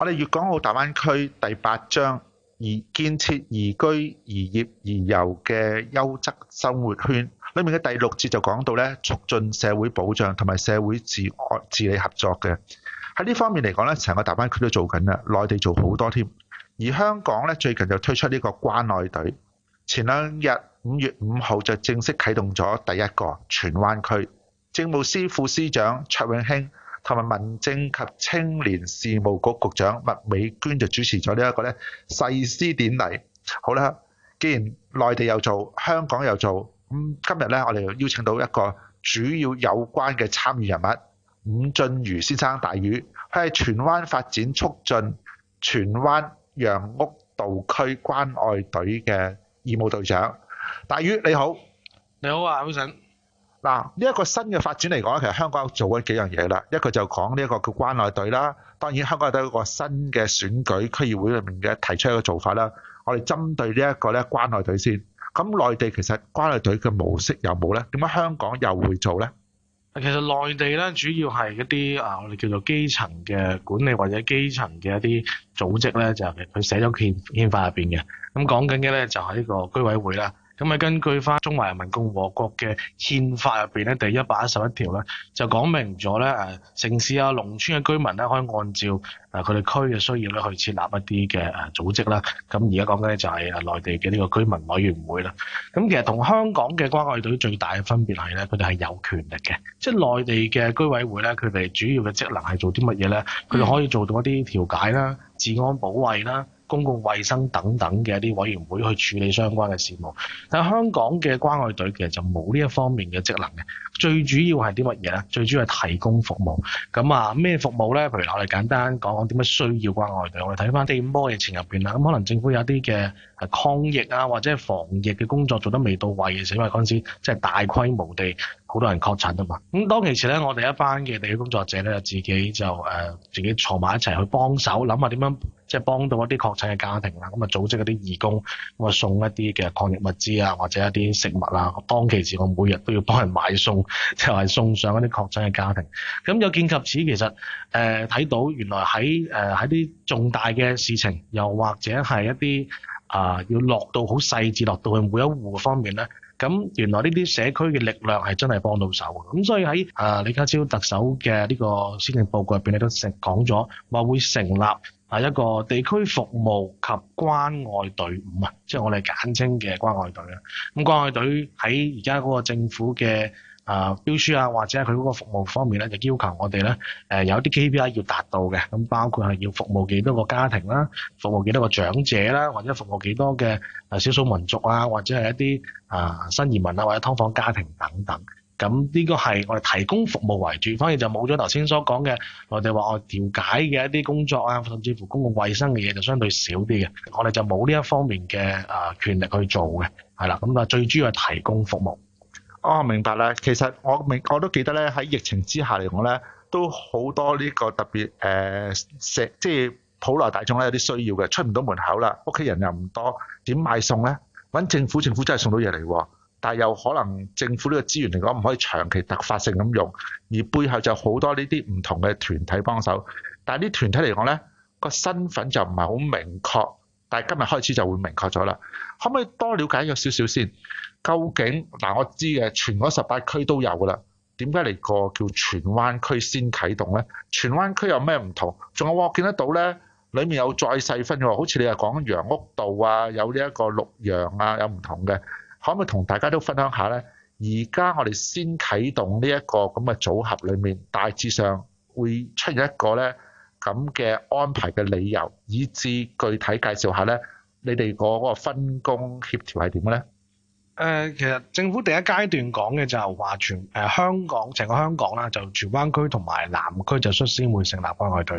我哋粵港澳大灣區第八章，而建設宜居、宜業、宜遊嘅優質生活圈，裏面嘅第六節就講到咧，促進社會保障同埋社會治安治理合作嘅。喺呢方面嚟講咧，成個大灣區都做緊啦，內地做好多添，而香港咧最近就推出呢個關愛隊，前兩日五月五號就正式啟動咗第一個荃灣區政務司副司長卓永興。同埋民政及青年事務局局長麥美娟就主持咗呢一個咧誓師典禮。好啦，既然內地又做，香港又做，咁今日咧，我哋就邀請到一個主要有關嘅參與人物伍俊瑜先生大宇，佢係荃灣發展促進荃灣楊屋道區關愛隊嘅義務隊長。大宇，你好，你好啊，早晨。嗱，呢一個新嘅發展嚟講咧，其實香港做咗幾樣嘢啦。一個就講呢一個叫關愛隊啦，當然香港都有一個新嘅選舉區議會裏面嘅提出一個做法啦。我哋針對呢一個咧關愛隊先，咁內地其實關愛隊嘅模式有冇咧？點解香港又會做咧？啊，其實內地咧主要係一啲啊，我哋叫做基層嘅管理或者基層嘅一啲組織咧，就係佢寫咗憲憲法入邊嘅。咁講緊嘅咧就係呢個居委會啦。咁根據翻中華人民共和國嘅憲法入面，咧，第一百一十一條咧，就講明咗咧城市啊、農村嘅居民咧，可以按照佢哋區嘅需要咧，去設立一啲嘅誒組織啦。咁而家講緊咧就係誒內地嘅呢個居民委員會啦。咁其實同香港嘅關愛隊最大嘅分別係咧，佢哋係有權力嘅。即係內地嘅居委會咧，佢哋主要嘅職能係做啲乜嘢咧？佢哋可以做到一啲調解啦、治安保衛啦。公共衛生等等嘅一啲委員會去處理相關嘅事務，但係香港嘅關愛隊其實就冇呢一方面嘅職能嘅，最主要係啲乜嘢咧？最主要係提供服務。咁啊，咩服務咧？譬如我哋簡單講講點解需要關愛隊。我哋睇翻第五波疫情入邊啦，咁可能政府有啲嘅抗疫啊，或者防疫嘅工作做得未到位嘅時候，因為嗰陣時即係大規模地好多人確診啊嘛。咁當其時咧，我哋一班嘅地區工作者咧，自己就誒、呃、自己坐埋一齊去幫手，諗下點樣。即係幫到一啲確診嘅家庭啦，咁啊組織嗰啲義工，咁啊送一啲嘅抗疫物資啊，或者一啲食物啊。當其時我每日都要幫人買餸，即、就、係、是、送上一啲確診嘅家庭。咁有見及此，其實誒睇、呃、到原來喺誒喺啲重大嘅事情，又或者係一啲啊、呃、要落到好細緻，落到去每一戶嘅方面咧，咁原來呢啲社區嘅力量係真係幫到手嘅。咁所以喺誒、呃、李家超特首嘅呢個施政報告入邊，你都成講咗話會成立。係一個地區服務及關愛隊伍啊，即係、就是、我哋簡稱嘅關愛隊啦。咁關愛隊喺而家嗰個政府嘅啊標書啊，或者係佢嗰個服務方面咧，就要求我哋咧誒有啲 KPI 要達到嘅。咁包括係要服務幾多個家庭啦，服務幾多個長者啦，或者服務幾多嘅少數民族啊，或者係一啲啊新移民啊，或者劏房家庭等等。咁呢個係我哋提供服務為主，反而就冇咗頭先所講嘅我哋話我調解嘅一啲工作啊，甚至乎公共衛生嘅嘢就相對少啲嘅，我哋就冇呢一方面嘅誒權力去做嘅，係啦，咁啊最主要係提供服務。哦，明白啦，其實我明我都記得咧，喺疫情之下嚟講咧，都好多呢個特別誒食、呃、即係普羅大眾咧有啲需要嘅，出唔到門口啦，屋企人又唔多，點買餸咧？揾政府，政府真係送到嘢嚟喎。但又可能政府呢個資源嚟講唔可以長期突發性咁用，而背後就好多呢啲唔同嘅團體幫手。但啲呢團體嚟講呢個身份就唔係好明確。但係今日開始就會明確咗啦。可唔可以多了解咗少少先？究竟嗱，啊，我知嘅全港十八區都有㗎啦。點解嚟個叫荃灣區先啟動呢？荃灣區有咩唔同？仲有我見得到呢裏面有再細分嘅，好似你係講楊屋道啊，有呢一個綠楊啊，有唔同嘅。可唔可以同大家都分享下呢？而家我哋先啟動呢一個咁嘅組合，裏面大致上會出現一個呢咁嘅安排嘅理由，以至具體介紹下呢，你哋嗰個分工協調係點嘅呢？誒、呃，其實政府第一階段講嘅就係話全誒、呃、香港整個香港啦，就荃灣區同埋南區就率先會成立關愛隊。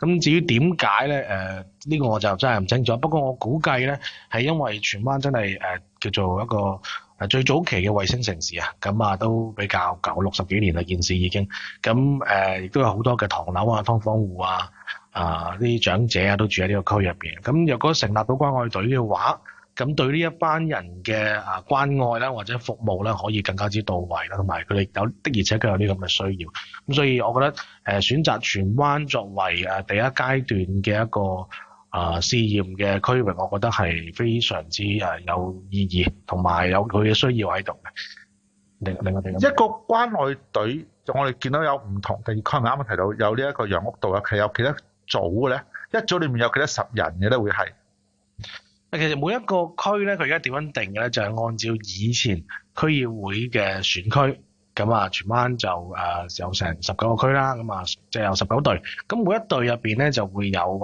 咁至於點解咧？誒、呃，呢、呢個我就真係唔清楚。不過我估計咧，係因為荃灣真係誒、呃、叫做一個最早期嘅衛星城市啊，咁啊都比較舊，六十幾年啦，件事已經咁誒，亦都、啊、有好多嘅唐樓啊、劏房戶啊、啊、呃、啲長者啊都住喺呢個區入邊。咁若果成立到關愛隊嘅話，咁對呢一班人嘅啊關愛咧，或者服務咧，可以更加之到位啦，同埋佢哋有的而且確有啲咁嘅需要。咁所以，我覺得誒選擇荃灣作為誒第一階段嘅一個啊試驗嘅區域，我覺得係非常之誒有意義，同埋有佢嘅需要喺度嘅。另另我哋一個關愛隊，我哋見到有唔同地區，啱啱提到有呢一個楊屋道，係有幾多組嘅咧？一組裡面有幾多十人嘅咧？會係？誒，其實每一個區咧，佢而家點樣定嘅咧，就係按照以前區議會嘅選區，咁啊，全晚荃灣就誒有成十九個區啦，咁啊，就有十九隊，咁每一隊入邊咧就會有誒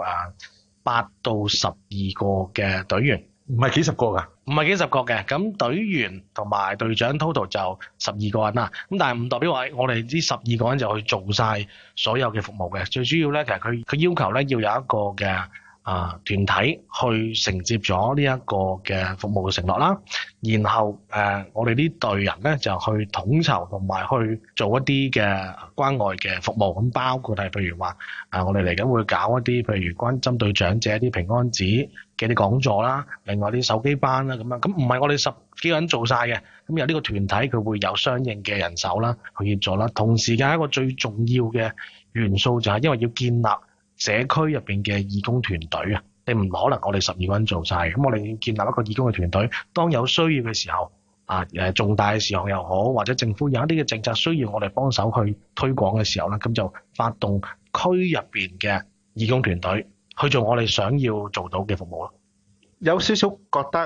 八到十二個嘅隊員，唔係幾十個㗎，唔係幾十個嘅，咁隊員同埋隊長 total 就十二個人啦，咁但係唔代表話，我哋呢十二個人就去做曬所有嘅服務嘅，最主要咧，其實佢佢要求咧要有一個嘅。啊，團體去承接咗呢一個嘅服務嘅承諾啦，然後誒，我哋呢隊人咧就去統籌同埋去做一啲嘅關愛嘅服務咁，包括係譬如話啊，我哋嚟緊會搞一啲譬如關針對長者一啲平安紙嘅啲講座啦，另外啲手機班啦咁樣，咁唔係我哋十幾個人做晒嘅，咁由呢個團體佢會有相應嘅人手啦去協助啦。同時嘅一個最重要嘅元素就係因為要建立。社區入邊嘅義工團隊啊，你唔可能我哋十二個人做晒。咁，我哋要建立一個義工嘅團隊。當有需要嘅時候，啊誒重大嘅事項又好，或者政府有一啲嘅政策需要我哋幫手去推廣嘅時候咧，咁就發動區入邊嘅義工團隊去做我哋想要做到嘅服務咯。有少少覺得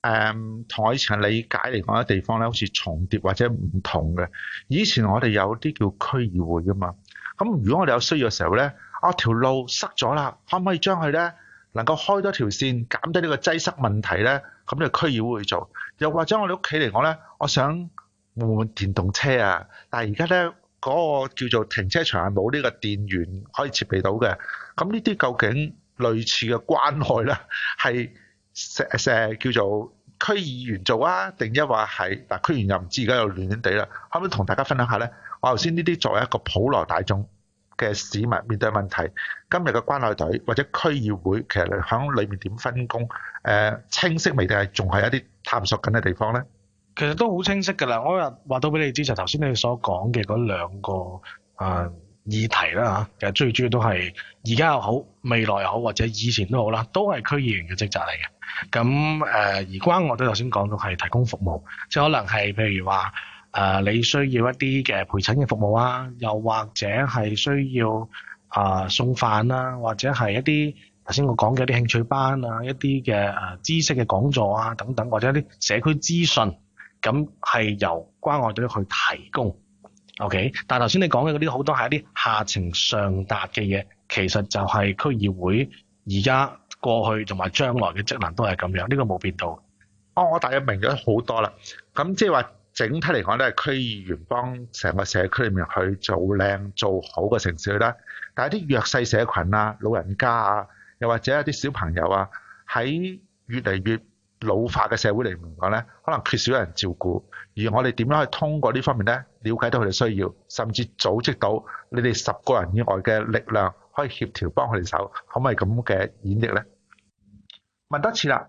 誒，同、嗯、我以前的理解嚟講嘅地方咧，好似重疊或者唔同嘅。以前我哋有啲叫區議會噶嘛，咁如果我哋有需要嘅時候咧。啊條路塞咗啦，可唔可以將佢咧能夠開多條線，減低呢個擠塞問題咧？咁呢個區議會去做，又或者我哋屋企嚟講咧，我想換,換電動車啊，但係而家咧嗰個叫做停車場係冇呢個電源可以設備到嘅。咁呢啲究竟類似嘅關愛咧，係係係叫做區議員做啊，定一話係嗱區議員又唔知而家又亂亂地啦。可唔可以同大家分享一下咧？我頭先呢啲作為一個普羅大眾。嘅市民面對問題，今日嘅關愛隊或者區議會，其實你喺裏面點分工？誒、呃，清晰未，定，係仲係一啲探索緊嘅地方咧。其實都好清晰㗎啦。我嗰日話到俾你知，就頭先你所講嘅嗰兩個啊、呃、議題啦嚇，其實最主要都係而家又好，未來又好，或者以前都好啦，都係區議員嘅職責嚟嘅。咁誒、呃，而關愛隊頭先講到係提供服務，即係可能係譬如話。誒，你需要一啲嘅陪診嘅服務啊，又或者係需要啊送飯啦，或者係一啲頭先我講嘅一啲興趣班啊，一啲嘅誒知識嘅講座啊等等，或者一啲社區資訊，咁係由關愛隊去提供。OK，但係頭先你講嘅嗰啲好多係一啲下情上達嘅嘢，其實就係區議會而家過去同埋將來嘅職能都係咁樣，呢個冇變到。哦，我大約明咗好多啦。咁即係話。整體嚟講咧，都係區議員幫成個社區裡面去做靚做好個城市啦。但係啲弱勢社群啊、老人家啊，又或者係啲小朋友啊，喺越嚟越老化嘅社會嚟講咧，可能缺少人照顧。而我哋點樣去通過呢方面咧，了解到佢哋需要，甚至組織到你哋十個人以外嘅力量，可以協調幫佢哋手，可唔可以咁嘅演繹咧？問得切啦。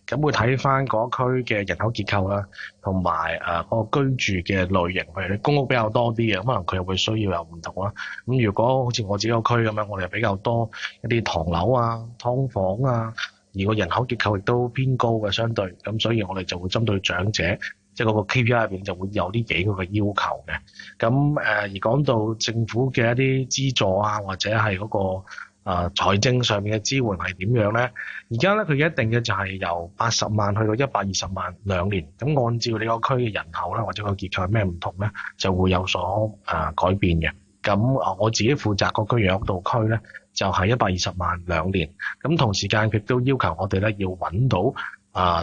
咁會睇翻嗰區嘅人口結構啦，同埋誒個居住嘅類型，譬如你公屋比較多啲嘅，咁可能佢會需要有唔同啦。咁如果好似我自己個區咁樣，我哋比較多一啲唐樓啊、劏房啊，而個人口結構亦都偏高嘅，相對咁，所以我哋就會針對長者，即係嗰個 KPI 入邊就會有呢幾個嘅要求嘅。咁誒，而講到政府嘅一啲資助啊，或者係嗰個。誒財政上面嘅支援係點樣咧？而家咧，佢一定嘅就係由八十萬去到一百二十萬兩年，咁按照你個區嘅人口啦，或者個結構係咩唔同咧，就會有所誒改變嘅。咁啊，我自己負責個區楊屋道區咧，就係一百二十萬兩年。咁同時間亦都要求我哋咧要揾到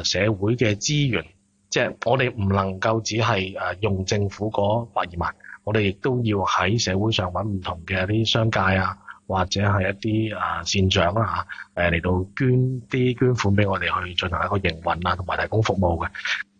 誒社會嘅資源，即係我哋唔能夠只係誒用政府嗰百二萬，我哋亦都要喺社會上揾唔同嘅啲商界啊。或者係一啲啊善長啦嚇，誒嚟到捐啲捐款俾我哋去進行一個營運啊，同埋提供服務嘅。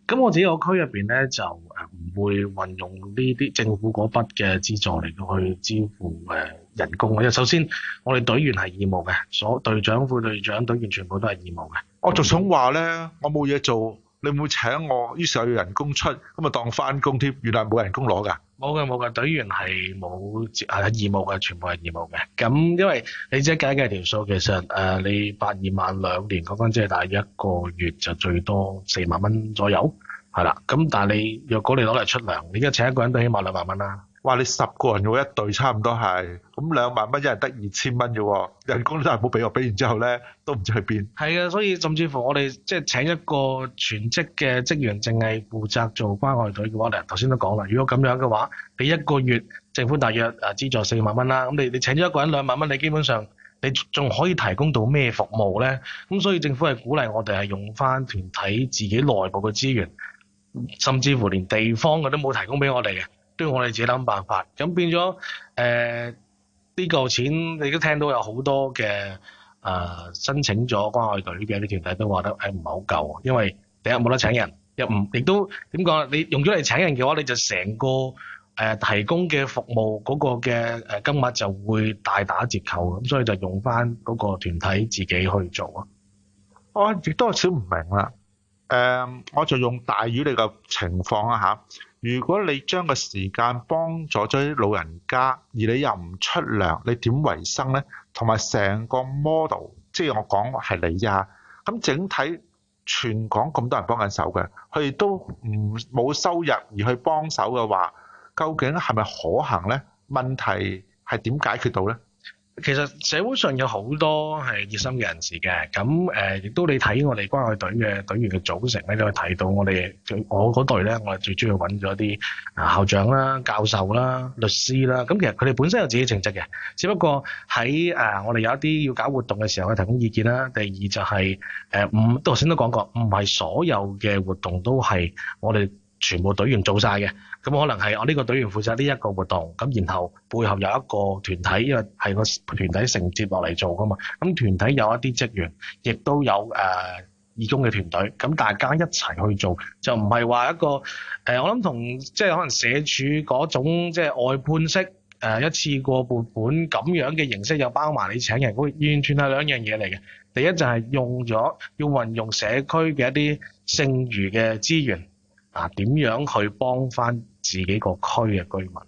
咁我自己個區入邊咧就唔會運用呢啲政府嗰筆嘅資助嚟到去支付誒人工，因為首先我哋隊員係義務嘅，所隊長、副隊長、隊員全部都係義務嘅。我就想話咧，我冇嘢做，你唔會請我，於是有人工出，咁咪當翻工添，原來冇人工攞㗎。冇嘅冇嘅，隊員係冇接係義務嘅，全部係義務嘅。咁因為你即係計計條數，其實誒你八二萬兩年嗰間即係，大約一個月就最多四萬蚊左右係啦。咁但係你若果你攞嚟出糧，你而家請一個人都起碼兩萬蚊啦。哇！你十個人有一隊差不多是，差唔多係咁兩萬蚊，一人得二千蚊啫喎，人工都係冇俾我。俾完之後咧都唔知去邊。係啊，所以甚至乎我哋即係請一個全職嘅職員，淨係負責做關愛隊嘅話，嗱頭先都講啦。如果咁樣嘅話，你一個月政府大約啊資助四萬蚊啦。咁你你請咗一個人兩萬蚊，你基本上你仲可以提供到咩服務咧？咁所以政府係鼓勵我哋係用翻團體自己內部嘅資源，甚至乎連地方嘅都冇提供俾我哋嘅。都要我哋自己諗辦法，咁變咗誒呢嚿錢，你都聽到有好多嘅誒、呃、申請咗關愛隊嘅啲團體都話得誒唔係好夠，因為第一冇得請人，又唔亦都點講？你用咗嚟請人嘅話，你就成個誒、呃、提供嘅服務嗰個嘅誒金額就會大打折扣，咁所以就用翻嗰個團體自己去做啊！我亦都有少唔明啦，誒、嗯，我就用大瑜你個情況啊吓。如果你將個時間幫助咗啲老人家，而你又唔出糧，你點維生呢？同埋成個 model，即係我講係你呀。咁整體全港咁多人幫緊手嘅，佢哋都唔冇收入而去幫手嘅話，究竟係咪可行呢？問題係點解決到呢？其實社會上有好多係熱心嘅人士嘅，咁誒亦都你睇我哋關愛隊嘅隊員嘅組成咧，都會睇到我哋最我嗰隊咧，我哋最中意揾咗一啲啊校長啦、教授啦、律師啦，咁其實佢哋本身有自己嘅職責嘅，只不過喺誒、呃、我哋有一啲要搞活動嘅時候去提供意見啦。第二就係誒唔，頭先都講過，唔係所有嘅活動都係我哋全部隊員做晒嘅。咁可能係我呢個隊員負責呢一個活動，咁然後背後有一個團體，因為係個團體承接落嚟做㗎嘛。咁團體有一啲職員，亦都有誒義工嘅團隊，咁大家一齊去做，就唔係話一個誒，我諗同即係可能社署嗰種即係外判式誒一次過撥款咁樣嘅形式，又包埋你請人，完全係兩樣嘢嚟嘅。第一就係用咗要運用社區嘅一啲剩餘嘅資源。啊！點樣去幫翻自己個區嘅居民？誒、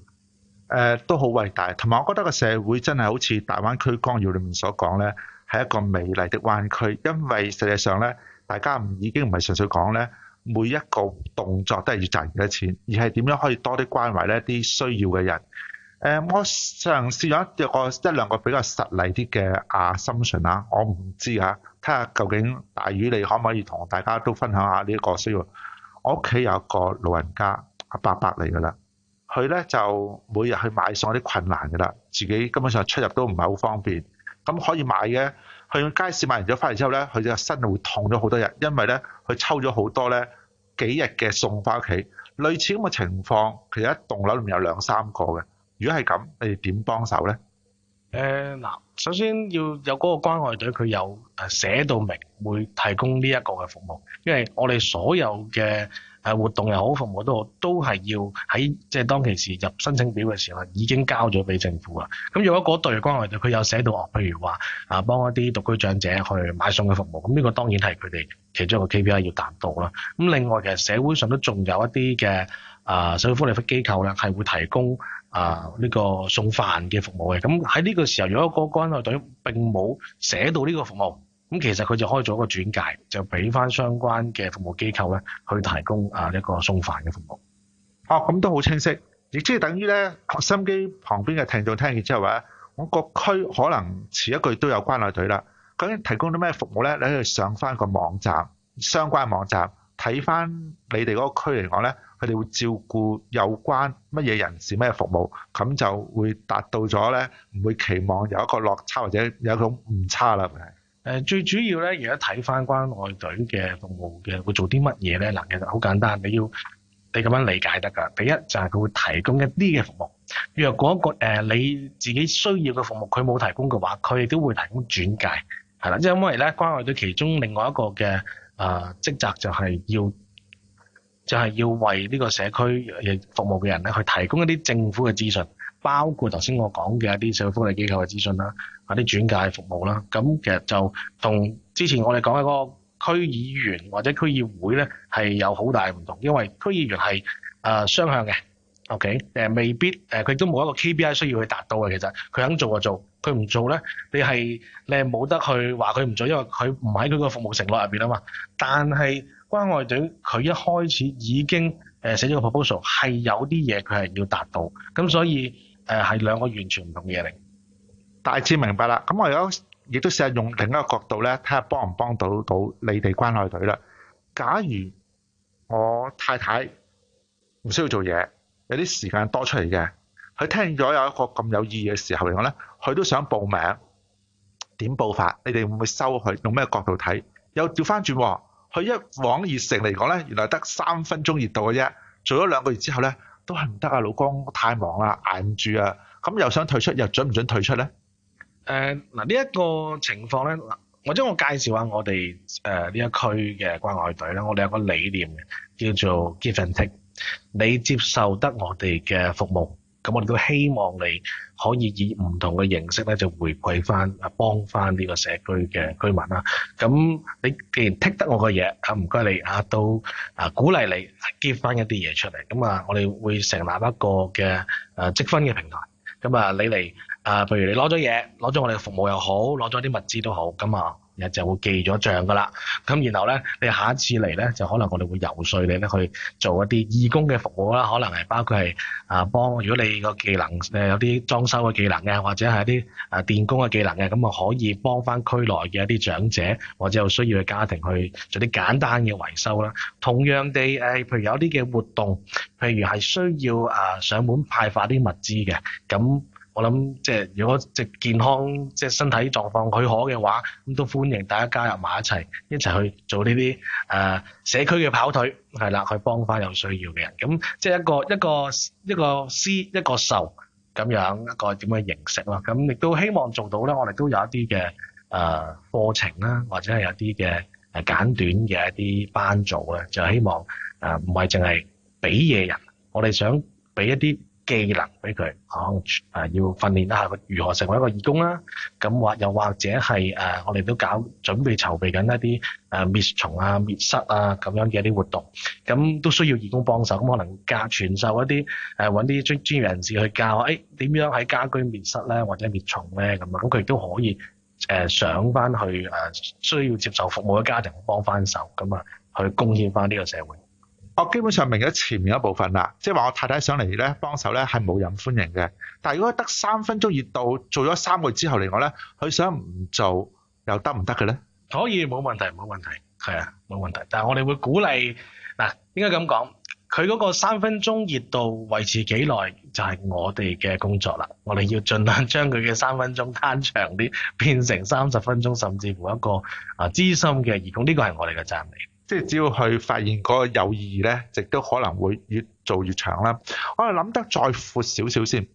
呃、都好偉大，同埋我覺得個社會真係好似大灣區綱要裏面所講呢，係一個美麗的灣區。因為實際上呢，大家唔已經唔係純粹講呢，每一個動作都係要賺幾多錢，而係點樣可以多啲關懷呢啲需要嘅人。誒、呃，我嘗試咗一個一兩個比較實例啲嘅啊，心船啊，我唔知嚇，睇下究竟大瑜你可唔可以同大家都分享下呢一個需要。我屋企有一個老人家，阿伯嚟噶啦，佢咧就每日去買餸有啲困難噶啦，自己根本上出入都唔係好方便。咁可以買嘅，去街市買完咗翻嚟之後咧，佢隻身會痛咗好多日，因為咧佢抽咗好多咧幾日嘅餸翻屋企。類似咁嘅情況，其實一棟樓入面有兩三個嘅。如果係咁，你哋點幫手咧？嗱、呃，首先要有嗰個關愛隊，佢有誒寫到明，會提供呢一個嘅服務。因為我哋所有嘅誒活動又好，服務都好，都係要喺即係當其時入申請表嘅時候已經交咗俾政府啦。咁如果嗰隊關愛隊佢有寫到，譬如話啊，幫一啲獨居長者去買餸嘅服務，咁呢個當然係佢哋其中一個 KPI 要達到啦。咁另外其實社會上都仲有一啲嘅。啊，社會福利機構咧，係會提供啊，呢個送飯嘅服務嘅。咁喺呢個時候，如果個關愛隊並冇寫到呢個服務，咁其實佢就開咗個轉介，就俾翻相關嘅服務機構咧，去提供啊，呢個送飯嘅服務。哦，咁都好清晰，亦即係等於咧，心機旁邊嘅聽眾聽完之後話我各區可能遲一句都有關愛隊啦，究竟提供啲咩服務咧？你喺度上翻個網站，相關網站，睇翻你哋嗰個區嚟講咧，佢哋會照顧有關乜嘢人士，乜嘢服務，咁就會達到咗咧，唔會期望有一個落差或者有一種誤差啦。誒、呃，最主要咧，如果睇翻關愛隊嘅服務嘅會做啲乜嘢咧？嗱、呃，其實好簡單，你要你咁樣理解得㗎。第一就係、是、佢會提供一啲嘅服務。若果個誒、呃、你自己需要嘅服務佢冇提供嘅話，佢亦都會提供轉介，係啦。因為咧，關愛隊其中另外一個嘅。誒、呃，職責就係要，就係、是、要為呢個社區服務嘅人咧，去提供一啲政府嘅資訊，包括頭先我講嘅一啲社會福利機構嘅資訊啦，啊啲轉介服務啦。咁其實就同之前我哋講嘅嗰個區議員或者區議會咧，係有好大唔同，因為區議員係誒、呃、雙向嘅。O.K. 誒未必誒，佢都冇一個 K.B.I 需要去達到嘅，其實佢肯做就做，佢唔做咧，你係你係冇得去話佢唔做，因為佢唔喺佢個服務承諾入邊啊嘛。但係關愛隊佢一開始已經誒寫咗個 proposal，係有啲嘢佢係要達到，咁所以誒係、呃、兩個完全唔同嘅嘢嚟。大致明白啦。咁我而家亦都試下用另一個角度咧，睇下幫唔幫到到你哋關愛隊啦。假如我太太唔需要做嘢。有啲時間多出嚟嘅，佢聽咗有一個咁有意義嘅時候嚟講咧，佢都想報名。點報法？你哋會唔會收佢？用咩角度睇？又調翻轉，佢一往而成嚟講咧，原來得三分鐘熱度嘅啫。做咗兩個月之後咧，都係唔得啊！老公太忙啦，捱唔住啊！咁又想退出，又準唔準退出咧？誒嗱、呃，呢、這、一個情況咧，我將我介紹下我哋誒呢一區嘅關愛隊咧，我哋有一個理念嘅，叫做 give and take 你接受得我哋嘅服務，咁我哋都希望你可以以唔同嘅形式咧就回饋翻，啊幫翻呢個社區嘅居民啦。咁你既然剔得我嘅嘢啊，唔該你啊，都啊鼓勵你捐翻一啲嘢出嚟，咁啊我哋會成立一個嘅誒積分嘅平台。咁啊你嚟啊，譬如你攞咗嘢，攞咗我哋嘅服務又好，攞咗啲物資都好，咁啊。就會記咗帳噶啦，咁然後咧，你下一次嚟咧，就可能我哋會遊說你咧去做一啲義工嘅服務啦，可能係包括係啊幫，如果你個技能誒有啲裝修嘅技能嘅，或者係一啲啊電工嘅技能嘅，咁啊可以幫翻區內嘅一啲長者或者有需要嘅家庭去做啲簡單嘅維修啦。同樣地，誒譬如有啲嘅活動，譬如係需要啊上門派發啲物資嘅，咁。我諗即係如果即健康即係身體狀況許可嘅話，咁都歡迎大家加入埋一齊，一齊去做呢啲誒社區嘅跑腿，係啦，去幫翻有需要嘅人。咁即係一個一個一個施一個受咁樣一個點樣形式咯。咁亦都希望做到咧，我哋都有一啲嘅誒課程啦，或者係有啲嘅誒簡短嘅一啲班組啦，就希望誒唔係淨係俾嘢人，我哋想俾一啲。技能俾佢，可能誒要訓練一下佢如何成為一個義工啦。咁或又或者係誒我哋都搞準備籌備緊一啲誒滅蟲啊、滅蝨啊咁樣嘅一啲活動，咁都需要義工幫手。咁可能加傳授一啲誒揾啲專專業人士去教，誒、哎、點樣喺家居滅蝨咧，或者滅蟲咧咁啊。咁佢亦都可以誒上翻去誒需要接受服務嘅家庭幫翻手，咁啊去貢獻翻呢個社會。我基本上明咗前面一部分啦，即係話我太太上嚟咧幫手咧係冇人歡迎嘅。但係如果得三分鐘熱度，做咗三個月之後嚟講咧，佢想唔做又得唔得嘅咧？可以冇問題，冇問題。係啊，冇問題。但係我哋會鼓勵嗱，應該咁講？佢嗰個三分鐘熱度維持幾耐就係、是、我哋嘅工作啦。我哋要盡量將佢嘅三分鐘攤長啲，變成三十分鐘，甚至乎一個資深嘅義工。呢個係我哋嘅責任嚟。即係只要去發現嗰個有意義咧，亦都可能會越做越長啦。我係諗得再闊少少先，誒、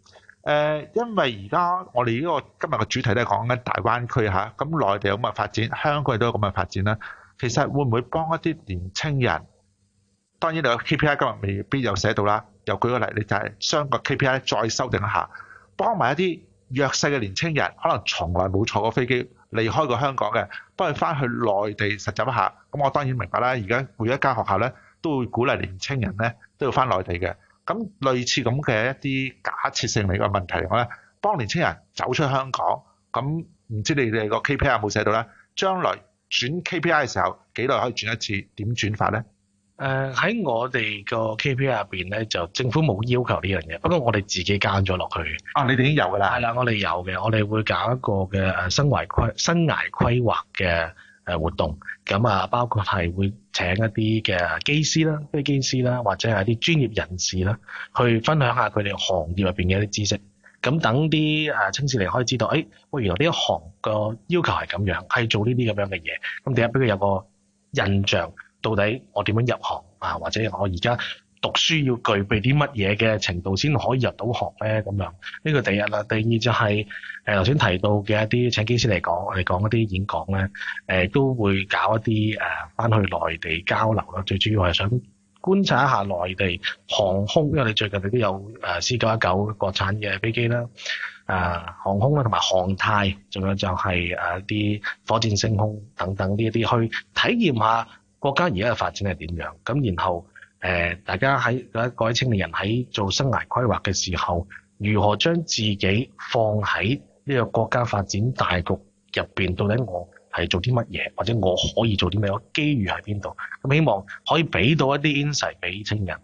呃，因為而家我哋呢、這個今日嘅主題都係講緊大灣區嚇，咁、啊、內地有咁嘅發展，香港亦都有咁嘅發展啦。其實會唔會幫一啲年青人？當然你個 KPI 今日未必有寫到啦。又舉個例，你就係將個 KPI 再修訂一下，幫埋一啲弱勢嘅年青人，可能從來冇坐過飛機。離開過香港嘅，幫佢翻去內地實習一下。咁我當然明白啦。而家每一間學校咧，都會鼓勵年青人咧，都要翻內地嘅。咁類似咁嘅一啲假設性嚟嘅問題我講咧，幫年青人走出香港。咁唔知道你哋個 KPI 有冇寫到咧？將來轉 KPI 嘅時候，幾耐可以轉一次？點轉法咧？誒，喺、呃、我哋個 KPI 入邊咧，就政府冇要求呢樣嘢，不過我哋自己加咗落去。啊、哦，你哋已經有噶啦？係啦，我哋有嘅，我哋會搞一個嘅誒生涯規生涯規劃嘅誒活動，咁啊包括係會請一啲嘅機師啦、飛機師啦，或者係一啲專業人士啦，去分享下佢哋行業入邊嘅一啲知識。咁等啲誒青少年可以知道，誒、欸，喂、呃，原來呢一行個要求係咁樣，係做呢啲咁樣嘅嘢。咁第一俾佢有個印象。到底我點樣入行，啊？或者我而家讀書要具備啲乜嘢嘅程度先可以入到學咧？咁樣呢個第一啦，第二就係誒頭先提到嘅一啲請機師嚟講，我哋講一啲演講咧、呃，都會搞一啲誒翻去內地交流啦。最主要係想觀察一下內地航空，因為你最近你都有誒 C 九一九國產嘅飛機啦，誒、呃、航空啦，同埋航太，仲有就係誒啲火箭升空等等呢一啲去體驗下。國家而家嘅發展係點樣？咁然後誒，大家喺各位青年人喺做生涯規劃嘅時候，如何將自己放喺呢個國家發展大局入邊？到底我係做啲乜嘢，或者我可以做啲咩？我個機遇喺邊度？咁希望可以俾到一啲 insight 俾青年。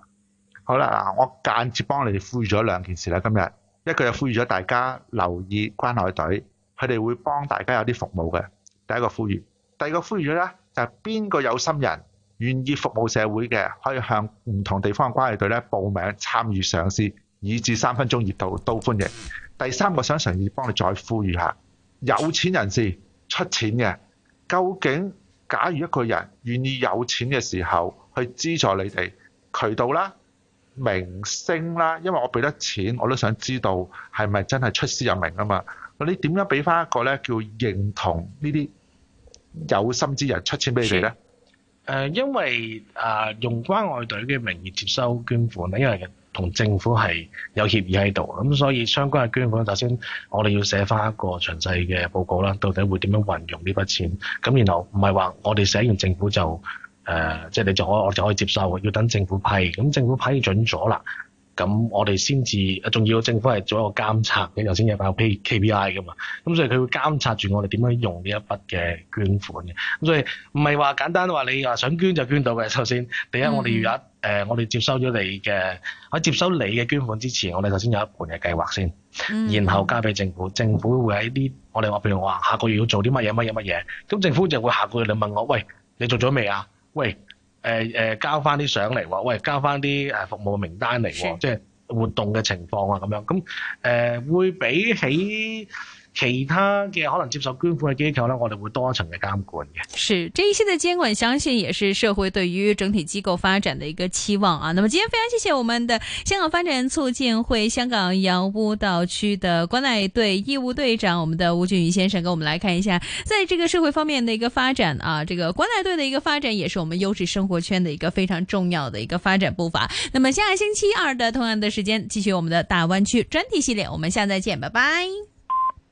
好啦，我間接幫你哋呼籲咗兩件事啦，今日一個就呼籲咗大家留意關愛隊，佢哋會幫大家有啲服務嘅。第一個呼籲，第二個呼籲咗咧。就係邊個有心人願意服務社會嘅，可以向唔同地方嘅關愛隊咧報名參與嘗試，以至三分鐘熱度都歡迎。第三個想誠意幫你再呼籲一下，有錢人士出錢嘅，究竟假如一個人願意有錢嘅時候去資助你哋渠道啦、明星啦，因為我俾得錢，我都想知道係咪真係出師有名啊嘛？你點樣俾翻一個咧叫認同呢啲？有心之人出錢俾你哋咧呢、呃？因為啊、呃，用關愛隊嘅名義接收捐款咧，因為同政府係有協議喺度，咁所以相關嘅捐款，首先我哋要寫翻一個詳細嘅報告啦，到底會點樣運用呢筆錢？咁然後唔係話我哋寫完政府就誒，即、呃、係、就是、你就可我就可以接受，要等政府批。咁政府批准咗啦。咁我哋先至，仲要政府係做一個監察嘅，頭先有個 KPI 噶嘛，咁所以佢會監察住我哋點樣用呢一筆嘅捐款嘅，咁所以唔係話簡單話你話想捐就捐到嘅，首先第一、嗯、我哋要有，誒、呃，我哋接收咗你嘅，喺接收你嘅捐款之前，我哋首先有一盤嘅計劃先，然後交俾政府，政府會喺啲我哋話，譬如話下個月要做啲乜嘢乜嘢乜嘢，咁政府就會下個月嚟問我，喂，你做咗未啊？喂？誒、呃呃、交翻啲相嚟喎，喂，交翻啲服務嘅名單嚟喎，的即係活動嘅情況啊咁樣，咁、呃、誒會比起。其他嘅可能接受捐款嘅機構呢，我哋會多一層嘅監管的是，這一些嘅監管，相信也是社會對於整體機構發展嘅一個期望啊。那麼，今天非常謝謝我們的荃灣發展促進會荃灣楊屋道區的關愛隊義務隊長，我們的伍俊瑜先生，跟我們來看一下，在這個社會方面的一個發展啊，這個關愛隊的一個發展，也是我們優質生活圈的一個非常重要的一個發展步伐。那麼，下個星期二的同樣的時間，繼續我們的大灣區專題系列，我們下再見，拜拜。